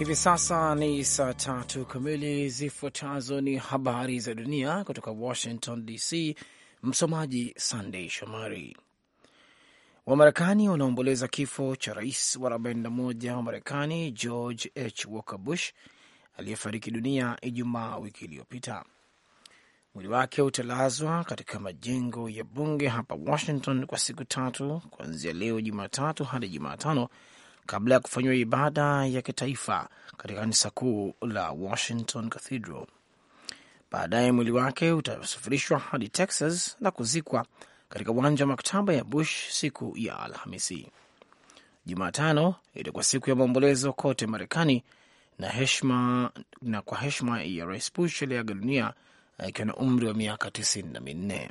Hivi sasa ni saa tatu kamili. Zifuatazo ni habari za dunia kutoka Washington DC. Msomaji sandey Shomari. Wamarekani wanaomboleza kifo cha rais wa 41 wa Marekani George H. Walker Bush aliyefariki dunia Ijumaa wiki iliyopita. Mwili wake utalazwa katika majengo ya bunge hapa Washington kwa siku tatu kuanzia leo Jumatatu hadi Jumatano kabla ya kufanyiwa ibada ya kitaifa katika kanisa kuu la Washington Cathedral. Baadaye mwili wake utasafirishwa hadi Texas na kuzikwa katika uwanja wa maktaba ya Bush siku ya Alhamisi. Jumatano itakuwa siku ya maombolezo kote Marekani na heshima, na kwa heshima ya Rais Bush aliyeaga dunia akiwa na umri wa miaka tisini na minne.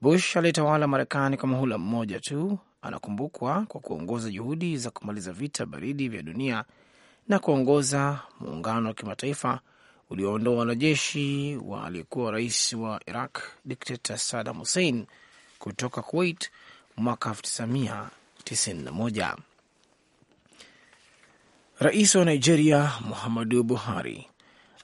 Bush aliyetawala Marekani kwa muhula mmoja tu anakumbukwa kwa kuongoza juhudi za kumaliza vita baridi vya dunia na kuongoza muungano wa kimataifa ulioondoa wanajeshi wa aliyekuwa rais wa Iraq dikteta Saddam Hussein kutoka Kuwait mwaka 1991. Rais wa Nigeria Muhammadu Buhari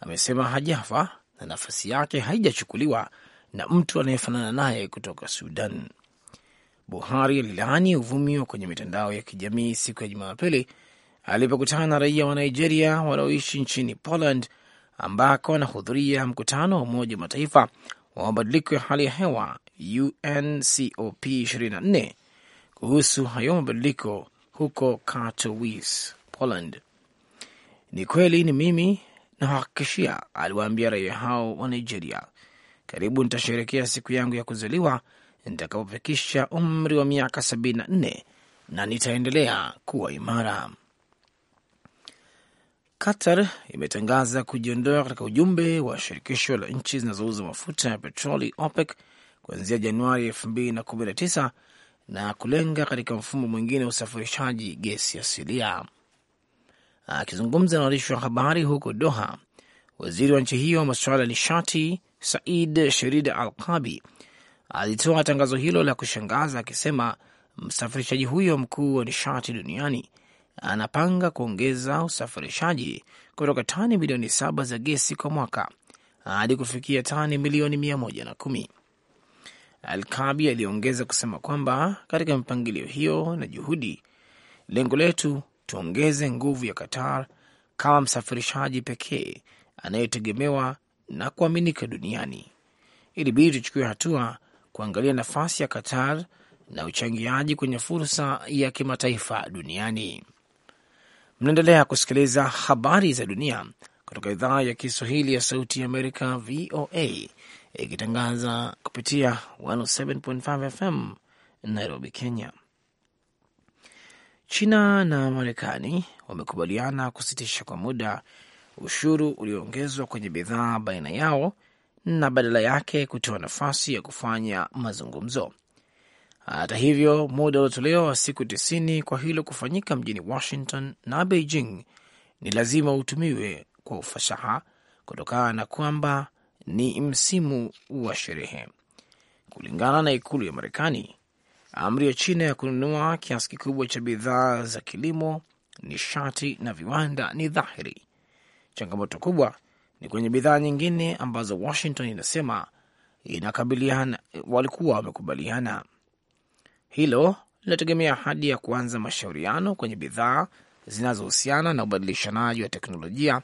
amesema hajafa na nafasi yake haijachukuliwa na mtu anayefanana naye kutoka Sudan. Buhari alilaani uvumi wa kwenye mitandao ya kijamii siku ya Jumapili alipokutana na raia wa Nigeria wanaoishi nchini Poland, ambako anahudhuria mkutano wa Umoja wa Mataifa wa mabadiliko ya hali ya hewa UNCOP 24 kuhusu hayo mabadiliko huko Katowice, Poland. Ni kweli, ni mimi nahakikishia, aliwaambia raia hao wa Nigeria. Karibu nitasherekea siku yangu ya kuzaliwa nitakapofikisha umri wa miaka sabini na nne na nitaendelea kuwa imara. Qatar imetangaza kujiondoa katika ujumbe wa shirikisho la nchi zinazouza mafuta ya petroli OPEC kuanzia Januari 2019 na kulenga katika mfumo mwingine wa usafirishaji gesi asilia. Akizungumza na waandishi wa habari huko Doha, waziri wa nchi hiyo wa masuala ya nishati Said Sherida Kabi alitoa tangazo hilo la kushangaza akisema msafirishaji huyo mkuu wa nishati duniani anapanga kuongeza usafirishaji kutoka tani milioni saba za gesi kwa mwaka hadi kufikia tani milioni mia moja na kumi. Alkabi aliongeza kusema kwamba katika mipangilio hiyo na juhudi, lengo letu tuongeze nguvu ya Qatar kama msafirishaji pekee anayetegemewa na kuaminika duniani. Ilibidi tuchukue hatua kuangalia nafasi ya Qatar na uchangiaji kwenye fursa ya kimataifa duniani. Mnaendelea kusikiliza habari za dunia kutoka idhaa ya Kiswahili ya Sauti ya Amerika, VOA, ikitangaza kupitia 107.5 FM Nairobi, Kenya. China na Marekani wamekubaliana kusitisha kwa muda ushuru ulioongezwa kwenye bidhaa baina yao na badala yake kutoa nafasi ya kufanya mazungumzo. Hata hivyo, muda uliotolewa wa siku tisini kwa hilo kufanyika mjini Washington na Beijing ni lazima utumiwe kwa ufasaha kutokana na kwamba ni msimu wa sherehe. Kulingana na ikulu ya Marekani, amri ya China ya kununua kiasi kikubwa cha bidhaa za kilimo, nishati na viwanda ni dhahiri. Changamoto kubwa ni kwenye bidhaa nyingine ambazo Washington inasema inakabiliana, walikuwa wamekubaliana. Hilo linategemea hadi ya kuanza mashauriano kwenye bidhaa zinazohusiana na ubadilishanaji wa teknolojia,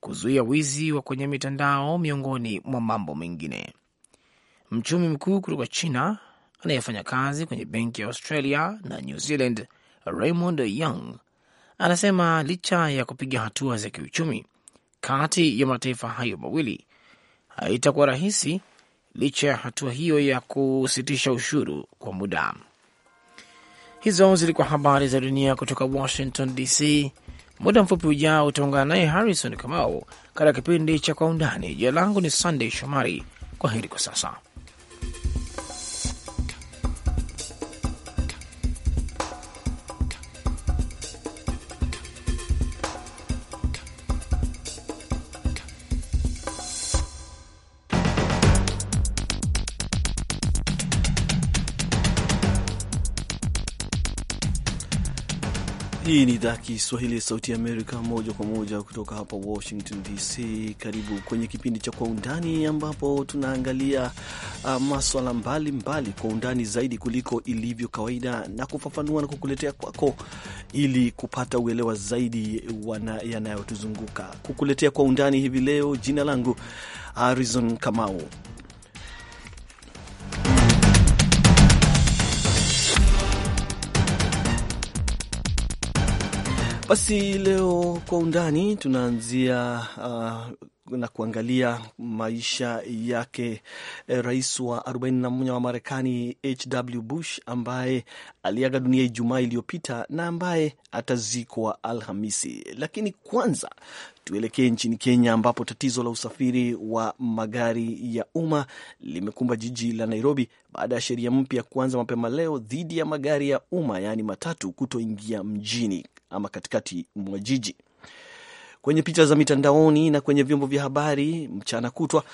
kuzuia wizi wa kwenye mitandao, miongoni mwa mambo mengine. Mchumi mkuu kutoka China anayefanya kazi kwenye benki ya Australia na New Zealand, Raymond Young anasema licha ya kupiga hatua za kiuchumi, kati ya mataifa hayo mawili haitakuwa rahisi licha ya hatua hiyo ya kusitisha ushuru kwa muda. Hizo zilikuwa habari za dunia kutoka Washington DC. Muda mfupi ujao utaungana naye Harrison Kamau katika kipindi cha Kwa Undani. Jina langu ni sandey Shomari. Kwa heri kwa sasa. Hii ni idhaa Kiswahili ya Sauti ya Amerika, moja kwa moja kutoka hapa Washington DC. Karibu kwenye kipindi cha Kwa Undani, ambapo tunaangalia uh, maswala mbalimbali kwa undani zaidi kuliko ilivyo kawaida na kufafanua na kukuletea kwako, ili kupata uelewa zaidi yanayotuzunguka. Kukuletea Kwa Undani hivi leo, jina langu Harrison Kamau. Basi leo kwa undani tunaanzia uh, na kuangalia maisha yake eh, rais wa 41 wa Marekani HW Bush ambaye aliaga dunia Ijumaa iliyopita na ambaye atazikwa Alhamisi. Lakini kwanza tuelekee nchini Kenya ambapo tatizo la usafiri wa magari ya umma limekumba jiji la Nairobi baada ya sheria mpya kuanza mapema leo dhidi ya magari ya umma yaani matatu kutoingia mjini ama katikati mwa jiji. Kwenye picha za mitandaoni na kwenye vyombo vya habari mchana kutwa,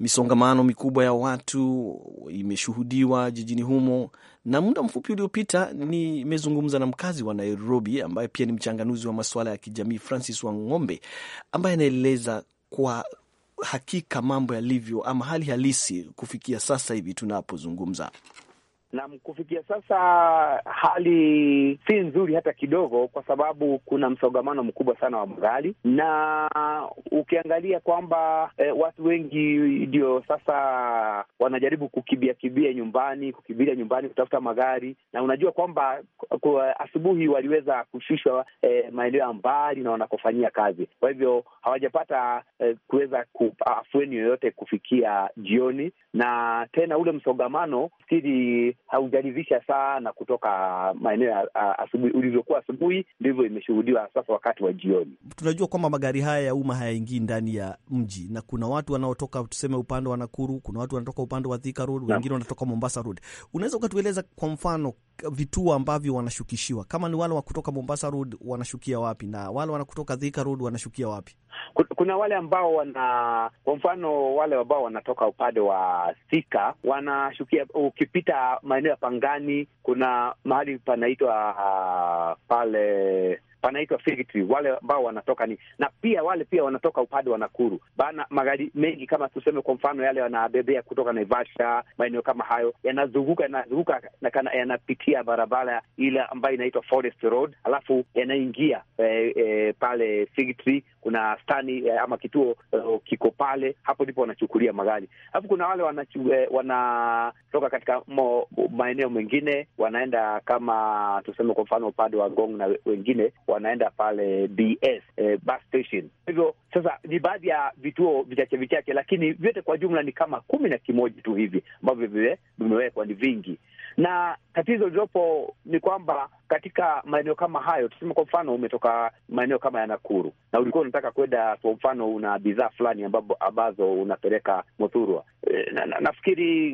misongamano mikubwa ya watu imeshuhudiwa jijini humo, na muda mfupi uliopita nimezungumza na mkazi wa Nairobi ambaye pia ni mchanganuzi wa masuala ya kijamii Francis Wang'ombe, ambaye anaeleza kwa hakika mambo yalivyo ama hali halisi kufikia sasa hivi tunapozungumza na kufikia sasa hali si nzuri hata kidogo, kwa sababu kuna msongamano mkubwa sana wa magari, na ukiangalia kwamba e, watu wengi ndio sasa wanajaribu kukibia kibia nyumbani, kukibia nyumbani kutafuta magari, na unajua kwamba kwa asubuhi waliweza kushushwa e, maeneo ya mbali na wanakofanyia kazi, kwa hivyo hawajapata e, kuweza afueni yoyote kufikia jioni, na tena ule msongamano siri haujaridhisha sana kutoka maeneo ya asubuhi. Ulivyokuwa asubuhi ndivyo imeshuhudiwa sasa wakati wa jioni. Tunajua kwamba magari haya ya umma hayaingii ndani ya mji, na kuna watu wanaotoka tuseme upande wa Nakuru, kuna watu wanatoka upande wa Thika Road, wengine wanatoka Mombasa Road. Unaweza ukatueleza kwa mfano vituo ambavyo wanashukishiwa, kama ni wale wa kutoka Mombasa Road wanashukia wapi, na wale wanakutoka Thika Road wanashukia wapi? Kuna wale ambao wana kwa mfano wale ambao wanatoka upande wa Thika wanashukia, ukipita maeneo maeneo ya Pangani, kuna mahali panaitwa uh, pale panaitwa wale ambao wanatoka ni na pia wale pia wanatoka upande wa Nakuru bana. Magari mengi kama tuseme kwa mfano yale wanabebea kutoka Naivasha, maeneo kama hayo yanazunguka yanazunguka na yanapitia barabara ile ambayo inaitwa Forest Road, alafu yanaingia eh, eh, pale kuna stani eh, ama kituo eh, kiko pale, hapo ndipo wanachukulia magari. Alafu kuna wale eh, wanatoka eh, wana katika mo, maeneo mengine wanaenda kama tuseme kwa mfano upande wa Gong na wengine wanaenda pale BS eh, bus station. Hivyo sasa ni baadhi ya vituo vichache vichache, lakini vyote kwa jumla ni kama kumi na kimoja tu hivi ambavyo vimewekwa, ni vingi na tatizo lililopo ni kwamba katika maeneo kama hayo, tuseme kwa mfano umetoka maeneo kama ya Nakuru na ulikuwa unataka kwenda, kwa mfano una bidhaa fulani ambazo unapeleka Muthurwa, e, na, na, nafikiri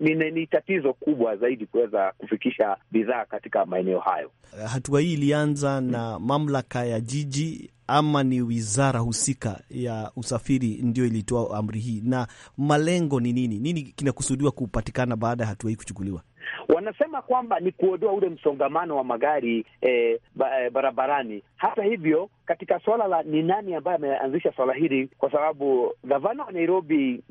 ni, ni tatizo kubwa zaidi kuweza kufikisha bidhaa katika maeneo hayo. Eh, hatua hii ilianza na mamlaka ya jiji ama ni wizara husika ya usafiri ndio ilitoa amri hii, na malengo ni nini? Nini kinakusudiwa kupatikana baada ya hatua hii kuchukuliwa? Wanasema kwamba ni kuondoa ule msongamano wa magari eh, ba, eh, barabarani. Hata hivyo, katika swala la ni nani ambaye ameanzisha swala hili, kwa sababu gavana wa Nairobi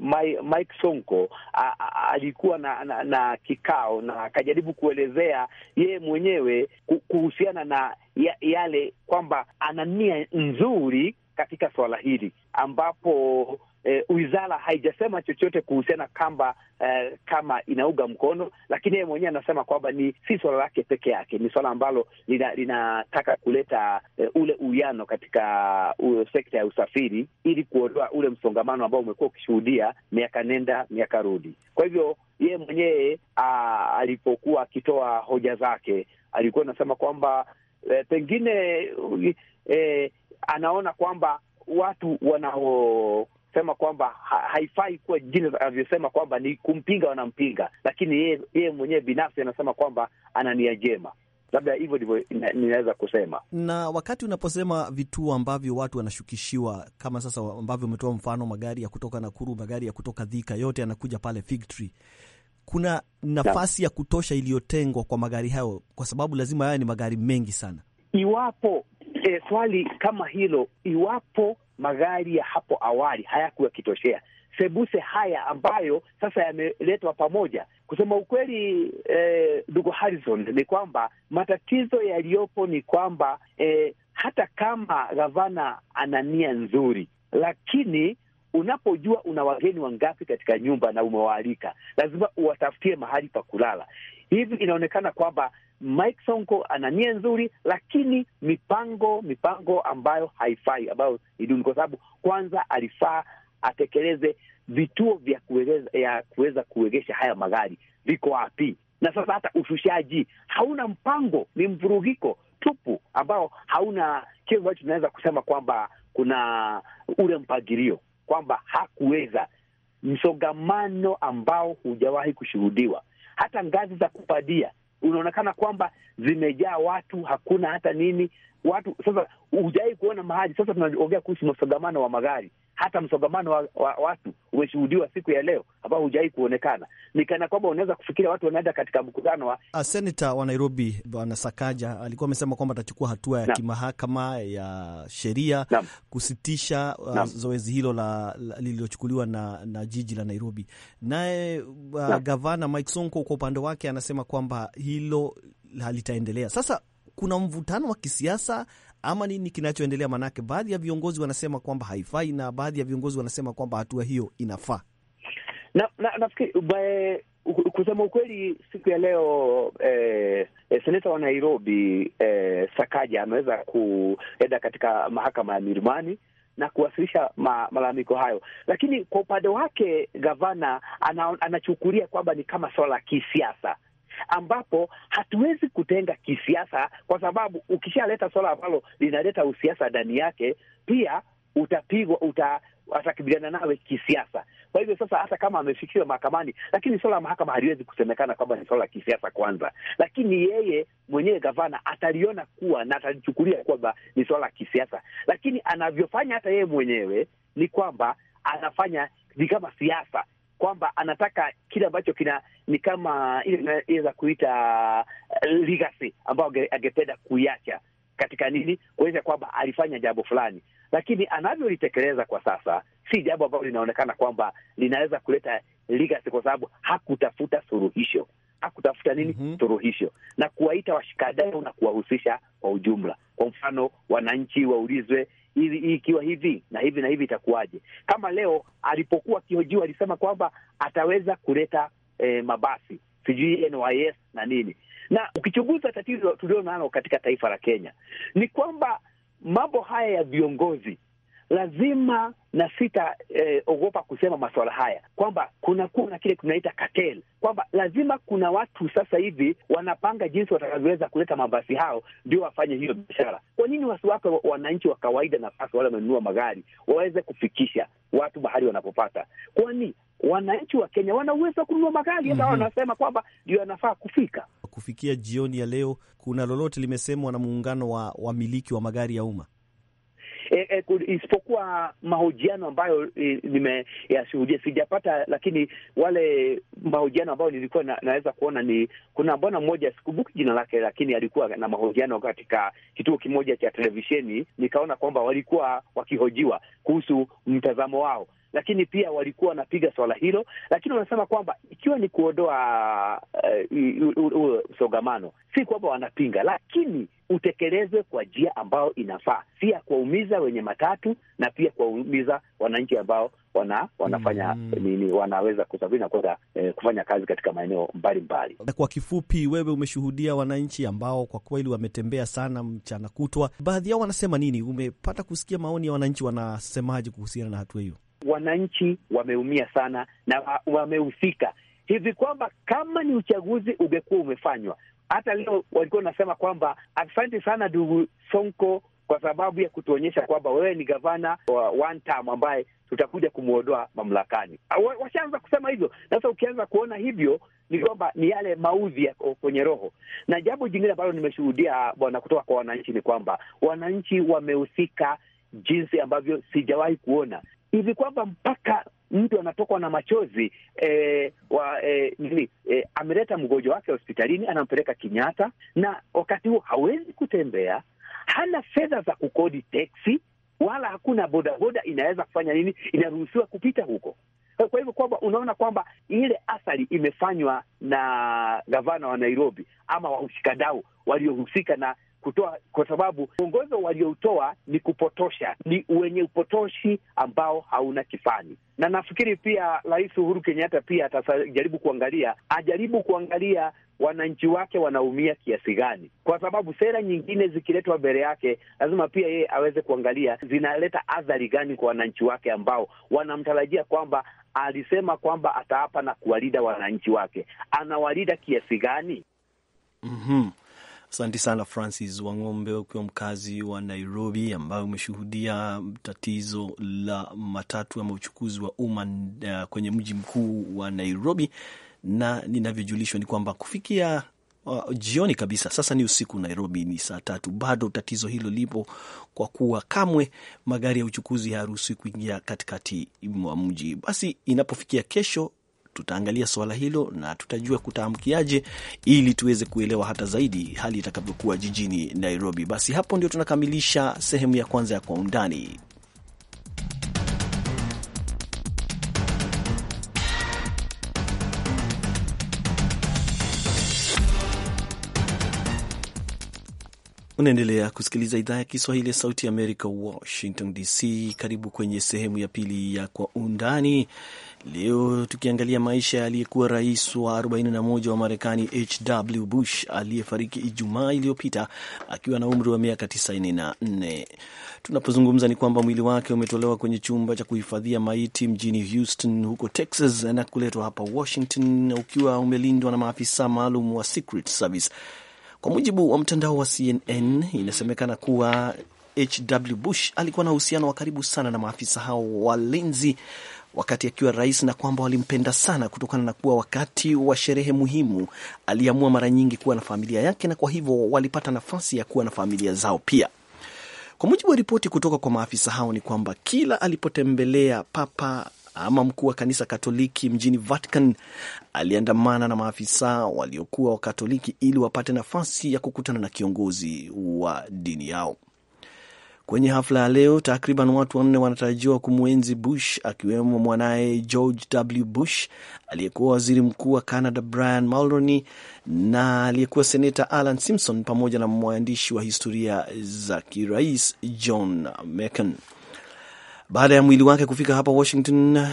Mike Sonko a, a, alikuwa na, na, na kikao na akajaribu kuelezea yeye mwenyewe kuhusiana na ya, yale kwamba ana nia nzuri katika swala hili ambapo Eh, wizara haijasema chochote kuhusiana kamba eh, kama inauga mkono, lakini yeye mwenyewe anasema kwamba ni si swala lake peke yake, ni swala ambalo linataka kuleta eh, ule uwiano katika uh, sekta ya usafiri ili kuondoa ule msongamano ambao umekuwa ukishuhudia miaka nenda miaka rudi. Kwa hivyo yeye mwenyewe alipokuwa akitoa hoja zake alikuwa anasema kwamba eh, pengine eh, anaona kwamba watu wanao sema kwamba ha haifai kuwa jini anavyosema kwamba ni kumpinga wanampinga, lakini yeye mwenyewe binafsi anasema kwamba ana nia njema. Labda hivyo ndivyo ninaweza kusema. Na wakati unaposema vituo ambavyo watu wanashukishiwa kama sasa ambavyo umetoa mfano, magari ya kutoka Nakuru, magari ya kutoka Thika, yote yanakuja pale Fig Tree kuna nafasi ya kutosha iliyotengwa kwa magari hayo, kwa sababu lazima haya ni magari mengi sana. Iwapo e, swali kama hilo, iwapo magari ya hapo awali hayakuwa yakitoshea sebuse haya ambayo sasa yameletwa pamoja. Kusema ukweli, eh, ndugu eh, Harrison, ni kwamba matatizo yaliyopo ni kwamba eh, hata kama gavana ana nia nzuri, lakini unapojua una wageni wangapi katika nyumba na umewaalika, lazima uwatafutie mahali pa kulala. Hivi inaonekana kwamba Mike Sonko ana nia nzuri, lakini mipango mipango ambayo haifai ambayo ni duni, kwa sababu kwanza alifaa atekeleze vituo vya kuweza kuweza kuegesha haya magari viko wapi? Na sasa hata ushushaji hauna mpango, ni mvurugiko tupu ambao hauna kile ambacho tunaweza kusema kwamba kuna ule mpangilio kwamba hakuweza msongamano ambao hujawahi kushuhudiwa hata ngazi za kupadia unaonekana kwamba zimejaa watu, hakuna hata nini watu. Sasa hujawai kuona mahali. Sasa tunaongea kuhusu msongamano wa magari, hata msongamano wa, wa watu umeshuhudiwa siku ya leo ambao hujawahi kuonekana. Ni kana kwamba unaweza kufikiria watu wanaenda katika mkutano wa ah, senata wa Nairobi Bwana Sakaja alikuwa amesema kwamba atachukua hatua ya kimahakama ya sheria kusitisha uh, zoezi hilo la, la, lililochukuliwa na, na jiji la Nairobi. Naye uh, gavana Mike Sonko kwa upande wake anasema kwamba hilo halitaendelea. Sasa kuna mvutano wa kisiasa ama nini kinachoendelea? Maanake baadhi ya viongozi wanasema kwamba haifai na baadhi ya viongozi wanasema kwamba hatua hiyo inafaa. Na, na, nafikiri eh, kusema ukweli siku ya leo eh, eh, seneta wa Nairobi eh, Sakaja ameweza kuenda katika mahakama ya Milimani na kuwasilisha ma, malalamiko hayo, lakini kwa upande wake gavana ana, anachukulia kwamba ni kama swala la kisiasa ambapo hatuwezi kutenga kisiasa, kwa sababu ukishaleta swala ambalo linaleta usiasa ndani yake, pia utapigwa uta atakibiliana nawe kisiasa. Kwa hivyo sasa, hata kama amefikiwa mahakamani, lakini swala la mahakama haliwezi kusemekana kwamba ni swala la kisiasa kwanza, lakini yeye mwenyewe gavana ataliona kuwa na atalichukulia kwamba ni swala la kisiasa, lakini anavyofanya hata yeye mwenyewe ni kwamba anafanya ni kama siasa kwamba anataka kile ambacho kina ni kama ile inaweza kuita eh, legacy ambayo angependa kuiacha katika nini, kuonyesha kwamba alifanya jambo fulani, lakini anavyolitekeleza kwa sasa si jambo ambalo linaonekana kwamba linaweza kuleta legacy, kwa sababu hakutafuta suluhisho kutafuta nini mm -hmm. turuhisho na kuwaita washikadau na kuwahusisha kwa ujumla. Kwa mfano, wananchi waulizwe hivi, ikiwa hivi na hivi na hivi itakuwaje? Kama leo alipokuwa akihojiwa alisema kwamba ataweza kuleta eh, mabasi sijui NYS na nini, na ukichunguza tatizo tulionalo katika taifa la Kenya ni kwamba mambo haya ya viongozi lazima na sita eh, kusema masuala haya kwamba kunakuwa na kile tunaita katel, kwamba lazima kuna watu sasa hivi wanapanga jinsi watakavyoweza kuleta mabasi hao ndio wafanye hiyo biashara. Kwa nini wasiwape wananchi wa kawaida nafasi, wale wamenunua magari waweze kufikisha watu mahali wanapopata? Kwani wananchi wa Kenya wana uwezo wa kununua magari mm -hmm. Hata mhm. wanasema kwamba ndio yanafaa kufika. Kufikia jioni ya leo, kuna lolote limesemwa na muungano wa wamiliki wa magari ya umma? e, e, isipokuwa mahojiano ambayo e, nimeyashuhudia sijapata, lakini wale mahojiano ambayo nilikuwa na, naweza kuona ni kuna bwana mmoja sikumbuki jina lake, lakini alikuwa na mahojiano katika kituo kimoja cha televisheni, nikaona kwamba walikuwa wakihojiwa kuhusu mtazamo wao lakini pia walikuwa wanapiga swala hilo, lakini wanasema kwamba ikiwa ni kuondoa eh, msongamano si kwamba wanapinga, lakini utekelezwe kwa njia ambayo inafaa, si ya kuwaumiza wenye matatu na pia kuwaumiza wananchi ambao wana, wanafanya mm, nini wanaweza kusafiri na kwenda eh, kufanya kazi katika maeneo mbalimbali. Kwa kifupi, wewe umeshuhudia wananchi ambao kwa kweli wametembea sana mchana kutwa, baadhi yao wanasema nini? Umepata kusikia maoni ya wananchi wanasemaje kuhusiana na hatua hiyo? wananchi wameumia sana na wamehusika hivi kwamba kama ni uchaguzi ungekuwa umefanywa hata leo walikuwa wanasema kwamba asante sana ndugu Sonko kwa sababu ya kutuonyesha kwamba wewe ni gavana wa one ambaye tutakuja kumwondoa mamlakani. Ah, washaanza kusema hivyo. Sasa ukianza kuona hivyo, ni kwamba ni yale maudhi ya kwenye roho. Na jambo jingine ambalo nimeshuhudia ah, bwana, kutoka kwa wananchi ni kwamba wananchi wamehusika jinsi ambavyo sijawahi kuona hivi kwamba mpaka mtu anatokwa na machozi eh, wa eh, eh, ameleta mgonjwa wake hospitalini, anampeleka kinyatta na wakati huo hawezi kutembea, hana fedha za kukodi teksi wala hakuna bodaboda inaweza kufanya nini, inaruhusiwa kupita huko. Kwa hivyo kwamba unaona kwamba ile athari imefanywa na gavana wa Nairobi ama waushikadau waliohusika na kutoa, kwa sababu mwongozo walioutoa ni kupotosha, ni wenye upotoshi ambao hauna kifani. Na nafikiri pia Rais Uhuru Kenyatta pia atajaribu kuangalia, ajaribu kuangalia wananchi wake wanaumia kiasi gani, kwa sababu sera nyingine zikiletwa mbele yake lazima pia yeye aweze kuangalia zinaleta athari gani kwa wananchi wake ambao wanamtarajia kwamba alisema kwamba ataapa na kuwalinda wananchi wake, anawalida kiasi gani? mm -hmm. Asante sana Francis Wang'ombe, ukiwa mkazi wa Nairobi, ambayo umeshuhudia tatizo la matatu ama uchukuzi wa umma eh, kwenye mji mkuu wa Nairobi, na ninavyojulishwa ni kwamba kufikia Uh, jioni kabisa sasa, ni usiku Nairobi, ni saa tatu, bado tatizo hilo lipo, kwa kuwa kamwe magari ya uchukuzi hayaruhusi kuingia katikati mwa mji. Basi inapofikia kesho tutaangalia swala hilo na tutajua kutaamkiaje, ili tuweze kuelewa hata zaidi hali itakavyokuwa jijini Nairobi. Basi hapo ndio tunakamilisha sehemu ya kwanza ya Kwa Undani. Unaendelea kusikiliza idhaa ya Kiswahili ya Sauti ya Amerika, Washington DC. Karibu kwenye sehemu ya pili ya Kwa Undani, Leo tukiangalia maisha ya aliyekuwa rais wa 41 wa Marekani HW Bush aliyefariki Ijumaa iliyopita akiwa na umri wa miaka 94. Tunapozungumza ni kwamba mwili wake umetolewa kwenye chumba cha kuhifadhia maiti mjini Houston huko Texas na kuletwa hapa Washington ukiwa umelindwa na maafisa maalum wa Secret Service. Kwa mujibu wa mtandao wa CNN, inasemekana kuwa HW Bush alikuwa na uhusiano wa karibu sana na maafisa hao walinzi wakati akiwa rais na kwamba walimpenda sana kutokana na kuwa wakati wa sherehe muhimu aliamua mara nyingi kuwa na familia yake, na kwa hivyo walipata nafasi ya kuwa na familia zao pia. Kwa mujibu wa ripoti kutoka kwa maafisa hao, ni kwamba kila alipotembelea papa ama mkuu wa kanisa Katoliki mjini Vatican aliandamana na maafisa waliokuwa Wakatoliki ili wapate nafasi ya kukutana na kiongozi wa dini yao. Kwenye hafla ya leo, takriban watu wanne wanatarajiwa kumwenzi Bush, akiwemo mwanaye George W. Bush, aliyekuwa waziri mkuu wa Canada Brian Mulroney na aliyekuwa seneta Alan Simpson, pamoja na mwandishi wa historia za kirais John McCain baada ya mwili wake kufika hapa Washington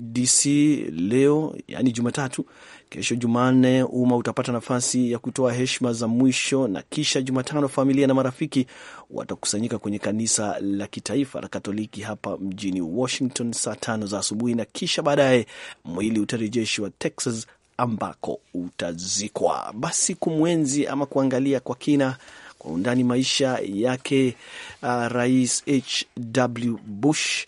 DC leo, yani Jumatatu. Kesho Jumanne umma utapata nafasi ya kutoa heshima za mwisho, na kisha Jumatano familia na marafiki watakusanyika kwenye kanisa la kitaifa la Katoliki hapa mjini Washington saa tano za asubuhi, na kisha baadaye mwili utarejeshwa Texas ambako utazikwa. Basi kumwenzi ama kuangalia kwa kina undani maisha yake uh, Rais hw Bush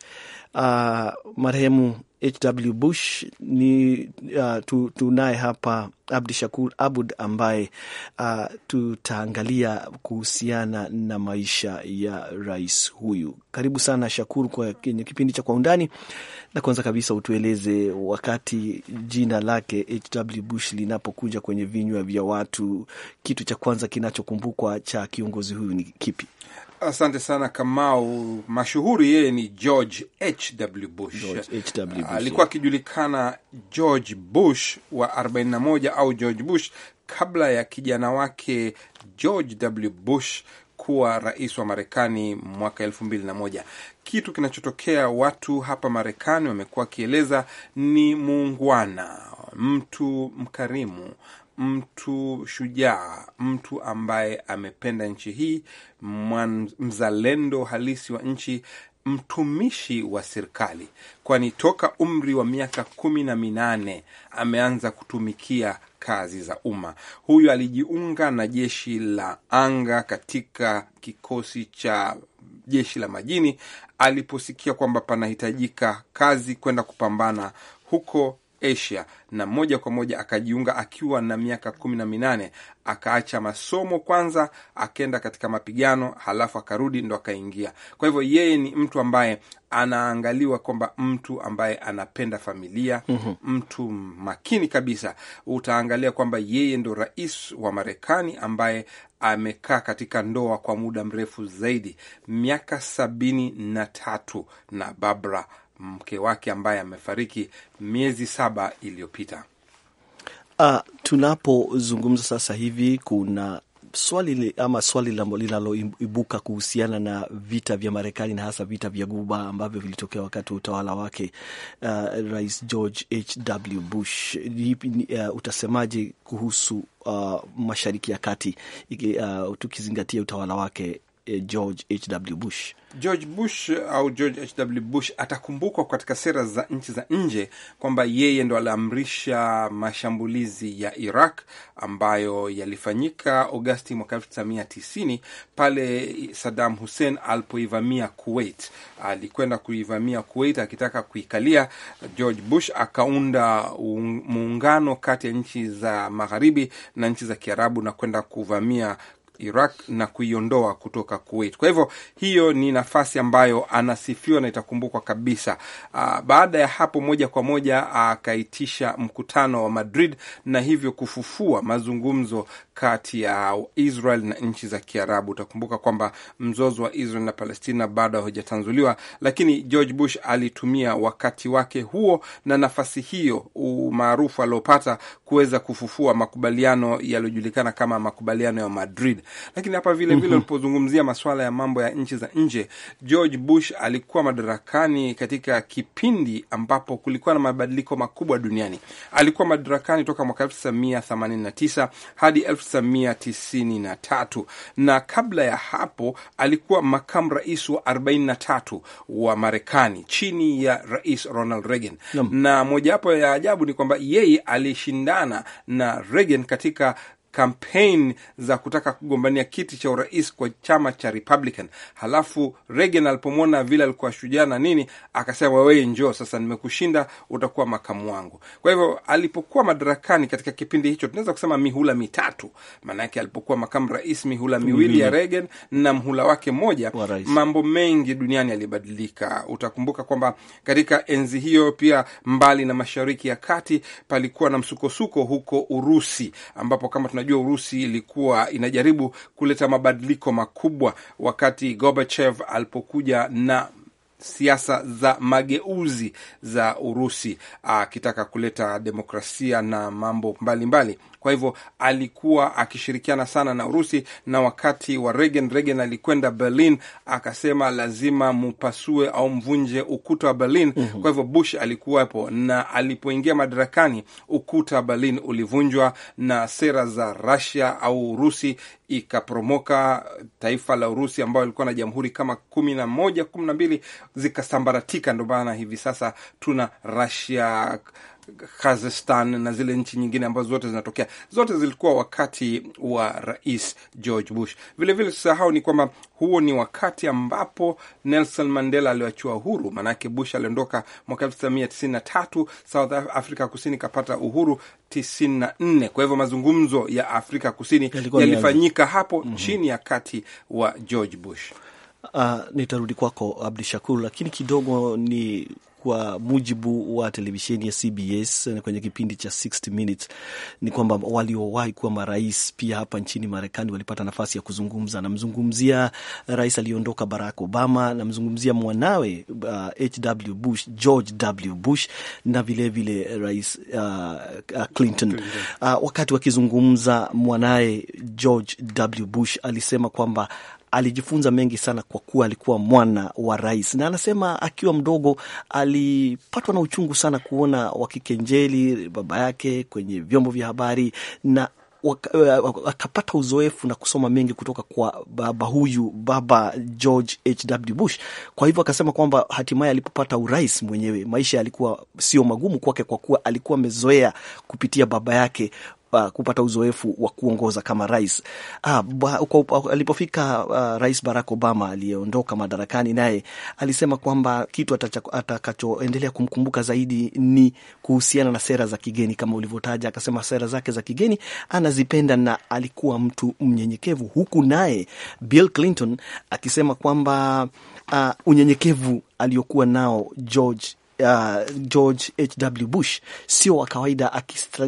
uh, marehemu HW Bush ni uh, tunaye hapa Abdi Shakur Abud ambaye uh, tutaangalia kuhusiana na maisha ya rais huyu. Karibu sana Shakur kwenye kipindi cha Kwa Undani, na kwanza kabisa utueleze wakati jina lake HW Bush linapokuja kwenye vinywa vya watu, kitu cha kwanza kinachokumbukwa cha kiongozi huyu ni kipi? Asante sana Kamau. Mashuhuri yeye ni George H.W. Bush. Ah, alikuwa akijulikana George Bush wa 41 au George Bush kabla ya kijana wake George W. Bush kuwa rais wa Marekani mwaka elfu mbili na moja. Kitu kinachotokea watu hapa Marekani wamekuwa wakieleza ni muungwana, mtu mkarimu, mtu shujaa, mtu ambaye amependa nchi hii, mzalendo halisi wa nchi, mtumishi wa serikali, kwani toka umri wa miaka kumi na minane ameanza kutumikia kazi za umma. Huyu alijiunga na jeshi la anga katika kikosi cha jeshi la majini aliposikia kwamba panahitajika kazi kwenda kupambana huko Asia na moja kwa moja akajiunga akiwa na miaka kumi na minane. Akaacha masomo kwanza, akenda katika mapigano, halafu akarudi ndo akaingia. Kwa hivyo yeye ni mtu ambaye anaangaliwa kwamba mtu ambaye anapenda familia mm -hmm. Mtu makini kabisa. Utaangalia kwamba yeye ndo rais wa Marekani ambaye amekaa katika ndoa kwa muda mrefu zaidi, miaka sabini na tatu na Barbara mke wake ambaye amefariki miezi saba iliyopita. Uh, tunapozungumza sasa hivi kuna swali ama swali linaloibuka kuhusiana na vita vya Marekani na hasa vita vya Guba ambavyo vilitokea wakati wa utawala wake uh, Rais George HW Bush. Uh, utasemaje kuhusu uh, Mashariki ya Kati uh, tukizingatia utawala wake Eh, George H.W. Bush. George Bush au George H.W. Bush atakumbukwa katika sera za nchi za nje kwamba yeye ndo aliamrisha mashambulizi ya Iraq ambayo yalifanyika Agosti mwaka 1990 pale Saddam Hussein alipoivamia Kuwait. Alikwenda kuivamia Kuwait akitaka kuikalia. George Bush akaunda muungano kati ya nchi za magharibi na nchi za Kiarabu na kwenda kuvamia Iraq na kuiondoa kutoka Kuwait. Kwa hivyo hiyo ni nafasi ambayo anasifiwa na itakumbukwa kabisa. Aa, ah, baada ya hapo moja kwa moja akaitisha mkutano wa Madrid na hivyo kufufua mazungumzo kati ya Israel na nchi za Kiarabu. Utakumbuka kwamba mzozo wa Israel na Palestina bado haujatanzuliwa, lakini George Bush alitumia wakati wake huo na nafasi hiyo umaarufu aliopata kuweza kufufua makubaliano yaliyojulikana kama makubaliano ya Madrid. Lakini hapa vile vile mhm. ulipozungumzia mm -hmm. masuala ya mambo ya nchi za nje, George Bush alikuwa madarakani katika kipindi ambapo kulikuwa na mabadiliko makubwa duniani. Alikuwa madarakani toka mwaka 1989 hadi 1993 na kabla ya hapo alikuwa makamu rais wa 43 wa Marekani chini ya rais Ronald Reagan na mojawapo ya ajabu ni kwamba yeye alishindana na Reagan katika kampeni za kutaka kugombania kiti cha urais kwa chama cha Republican. Halafu Reagan alipomwona vile alikuwa shujaa na nini, akasema wewe njoo sasa, nimekushinda, utakuwa makamu wangu. Kwa hivyo alipokuwa madarakani katika kipindi hicho, tunaweza kusema mihula mitatu, maanake alipokuwa makamu rais mihula miwili Mbili. ya Reagan na mhula wake moja, mambo mengi duniani yalibadilika. Utakumbuka kwamba katika enzi hiyo pia, mbali na mashariki ya kati, palikuwa na msukosuko huko Urusi ambapo kama tunajua Urusi ilikuwa inajaribu kuleta mabadiliko makubwa wakati Gorbachev alipokuja na siasa za mageuzi za Urusi akitaka kuleta demokrasia na mambo mbalimbali mbali. Kwa hivyo alikuwa akishirikiana sana na Urusi, na wakati wa Reagan, Reagan alikwenda Berlin akasema lazima mupasue au mvunje ukuta wa Berlin. mm -hmm. Kwa hivyo Bush alikuwepo, na alipoingia madarakani ukuta wa Berlin ulivunjwa na sera za Russia au Urusi ikapromoka. Taifa la Urusi ambayo ilikuwa na jamhuri kama kumi na moja kumi na mbili zikasambaratika. Ndio maana hivi sasa tuna Russia Kazakhstan na zile nchi nyingine ambazo zote zinatokea, zote zilikuwa wakati wa Rais George Bush. Vilevile tusahau ni kwamba huo ni wakati ambapo Nelson Mandela aliachiwa uhuru, maanake Bush aliondoka mwaka tatu, South Africa Kusini ikapata uhuru 94. Kwa hivyo mazungumzo ya Afrika Kusini yalifanyika hapo mm -hmm. chini ya kati wa George Bush. Uh, nitarudi kwako Abdi Shakur, lakini kidogo ni kwa mujibu wa televisheni ya CBS kwenye kipindi cha 60 Minutes ni kwamba waliowahi kuwa marais pia hapa nchini Marekani walipata nafasi ya kuzungumza. Namzungumzia rais aliyeondoka Barack Obama, namzungumzia mwanawe HW uh, Bush, George W Bush na vilevile vile rais uh, uh Clinton. Uh, wakati wakizungumza mwanaye George W Bush alisema kwamba alijifunza mengi sana kwa kuwa alikuwa mwana wa rais, na anasema akiwa mdogo alipatwa na uchungu sana kuona wakikenjeli baba yake kwenye vyombo vya habari na akapata uzoefu na kusoma mengi kutoka kwa baba huyu, baba George H.W. Bush. Kwa hivyo akasema kwamba hatimaye alipopata urais mwenyewe, maisha yalikuwa sio magumu kwake, kwa kuwa alikuwa amezoea kupitia baba yake uh, kupata uzoefu wa kuongoza kama rais. Uh, alipofika uh, Rais Barack Obama aliyeondoka madarakani, naye alisema kwamba kitu atakachoendelea kumkumbuka zaidi ni kuhusiana na sera za kigeni kama ulivyotaja. Akasema sera zake za kigeni anazipenda na alikuwa mtu mnyenyekevu, huku naye Bill Clinton akisema kwamba uh, unyenyekevu aliokuwa nao George uh, George H.W. Bush sio wa kawaida,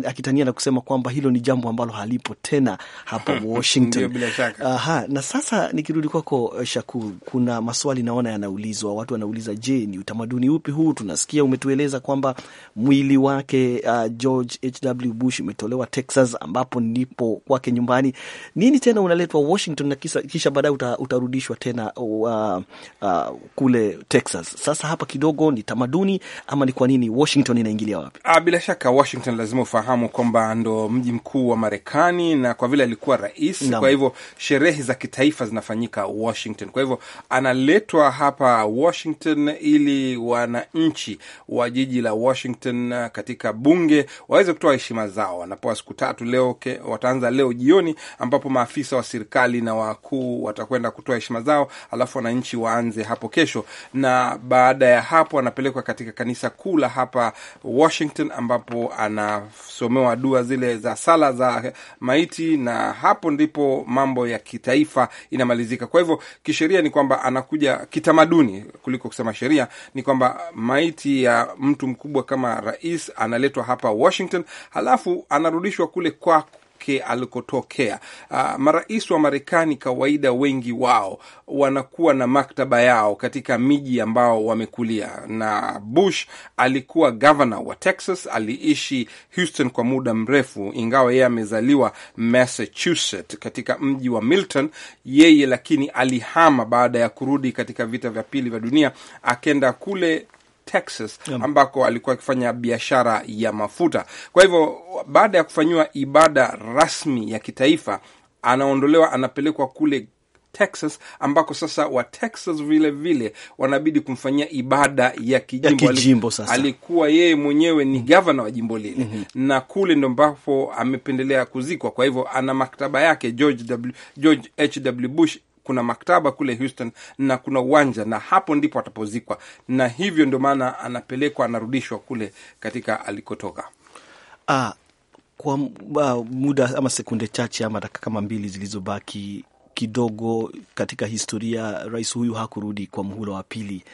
akitania na kusema kwamba hilo ni jambo ambalo halipo tena hapa Washington. Aha, na sasa nikirudi kwako eh, Shakur, kuna maswali naona yanaulizwa, watu wanauliza, je, ni utamaduni upi huu? Tunasikia umetueleza kwamba mwili wake uh, George H.W. Bush umetolewa Texas, ambapo ndipo kwake nyumbani. Nini tena unaletwa Washington na kisa, kisha baadaye uta, utarudishwa tena uh, uh, kule Texas. Sasa hapa kidogo ni tamaduni ama ni kwa nini Washington inaingilia wapi? Ah, bila shaka Washington lazima ufahamu kwamba ndo mji mkuu wa Marekani na kwa vile alikuwa rais na, Kwa hivyo sherehe za kitaifa zinafanyika Washington, kwa hivyo analetwa hapa Washington ili wananchi wa jiji la Washington katika bunge waweze kutoa heshima zao. Wanapewa siku tatu, leo ke, wataanza leo jioni ambapo maafisa wa serikali na wakuu watakwenda kutoa heshima zao, alafu wananchi waanze hapo kesho, na baada ya hapo wanapelekwa katika katika kanisa kuu la hapa Washington, ambapo anasomewa dua zile za sala za maiti, na hapo ndipo mambo ya kitaifa inamalizika. Kwa hivyo kisheria ni kwamba anakuja kitamaduni, kuliko kusema sheria, ni kwamba maiti ya mtu mkubwa kama rais analetwa hapa Washington, halafu anarudishwa kule kwako kwake alikotokea. Uh, marais wa Marekani kawaida wengi wao wanakuwa na maktaba yao katika miji ambao wamekulia, na Bush alikuwa gavana wa Texas, aliishi Houston kwa muda mrefu, ingawa yeye amezaliwa Massachusetts katika mji wa Milton yeye, lakini alihama baada ya kurudi katika vita vya pili vya dunia, akenda kule Texas ambako alikuwa akifanya biashara ya mafuta. Kwa hivyo baada ya kufanyiwa ibada rasmi ya kitaifa, anaondolewa, anapelekwa kule Texas ambako sasa wa Texas vile vile wanabidi kumfanyia ibada ya kijimbo, ya kijimbo. Sasa alikuwa yeye mwenyewe ni gavana wa jimbo lile mm -hmm. na kule ndo ambapo amependelea kuzikwa. Kwa hivyo ana maktaba yake George W. George H. W. Bush kuna maktaba kule Houston na kuna uwanja, na hapo ndipo atapozikwa, na hivyo ndio maana anapelekwa, anarudishwa kule katika alikotoka. Ah, kwa uh, muda ama sekunde chache ama dakika kama mbili zilizobaki kidogo katika historia, rais huyu hakurudi kwa muhula wa pili,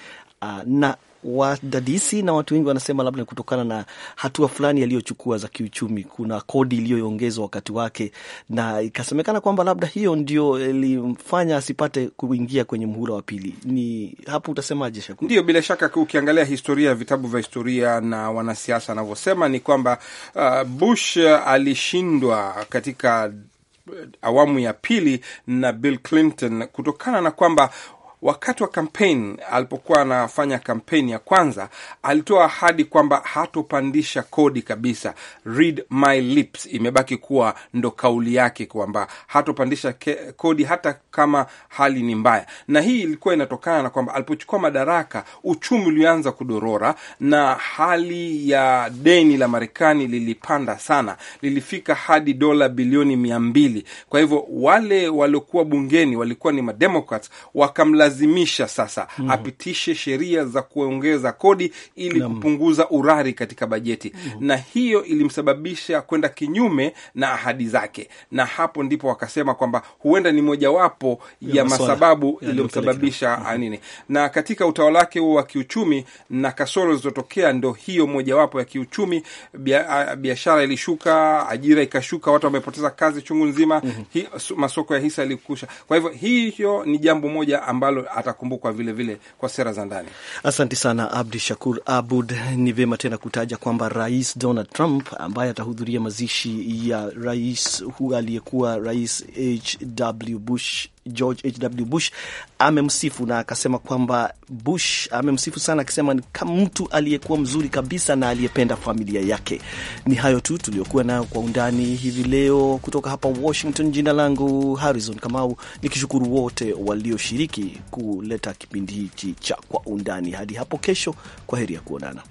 uh, na wadadisi na watu wengi wanasema labda ni kutokana na hatua fulani yaliyochukua za kiuchumi. Kuna kodi iliyoongezwa wakati wake, na ikasemekana kwamba labda hiyo ndio ilimfanya asipate kuingia kwenye mhula wa pili. Ni hapo utasemaje, Shaku? Ndio, bila shaka ukiangalia historia, vitabu vya historia na wanasiasa wanavyosema ni kwamba uh, Bush alishindwa katika uh, awamu ya pili na Bill Clinton kutokana na kwamba wakati wa kampeni, alipokuwa anafanya kampeni ya kwanza, alitoa ahadi kwamba hatopandisha kodi kabisa. Read my lips imebaki kuwa ndo kauli yake kwamba hatopandisha kodi hata kama hali ni mbaya, na hii ilikuwa inatokana na kwamba alipochukua madaraka uchumi ulianza kudorora na hali ya deni la Marekani lilipanda sana, lilifika hadi dola bilioni mia mbili. Kwa hivyo wale waliokuwa bungeni walikuwa ni mademokrat wakamla kumlazimisha sasa mm -hmm. apitishe sheria za kuongeza kodi ili mm kupunguza urari katika bajeti mm -hmm. na hiyo ilimsababisha kwenda kinyume na ahadi zake, na hapo ndipo wakasema kwamba huenda ni mojawapo ya masababu iliyomsababisha mhm. nini. Na katika utawala wake huo wa kiuchumi na kasoro zilizotokea, ndo hiyo mojawapo ya kiuchumi, biashara ilishuka, ajira ikashuka, watu wamepoteza kazi chungu nzima, mm -hmm. masoko ya hisa ilikusha. Kwa hivyo hiyo ni jambo moja ambalo ambalo atakumbukwa vilevile kwa sera za ndani. Asante sana Abdu Shakur Abud. Ni vyema tena kutaja kwamba Rais Donald Trump ambaye atahudhuria mazishi ya rais aliyekuwa rais HW Bush George HW Bush amemsifu na akasema kwamba Bush amemsifu sana, akisema ni mtu aliyekuwa mzuri kabisa na aliyependa familia yake. Ni hayo tu tuliyokuwa nayo kwa undani hivi leo kutoka hapa Washington. Jina langu Harrison Kamau, nikishukuru wote walioshiriki kuleta kipindi hiki cha Kwa Undani. Hadi hapo kesho, kwa heri ya kuonana.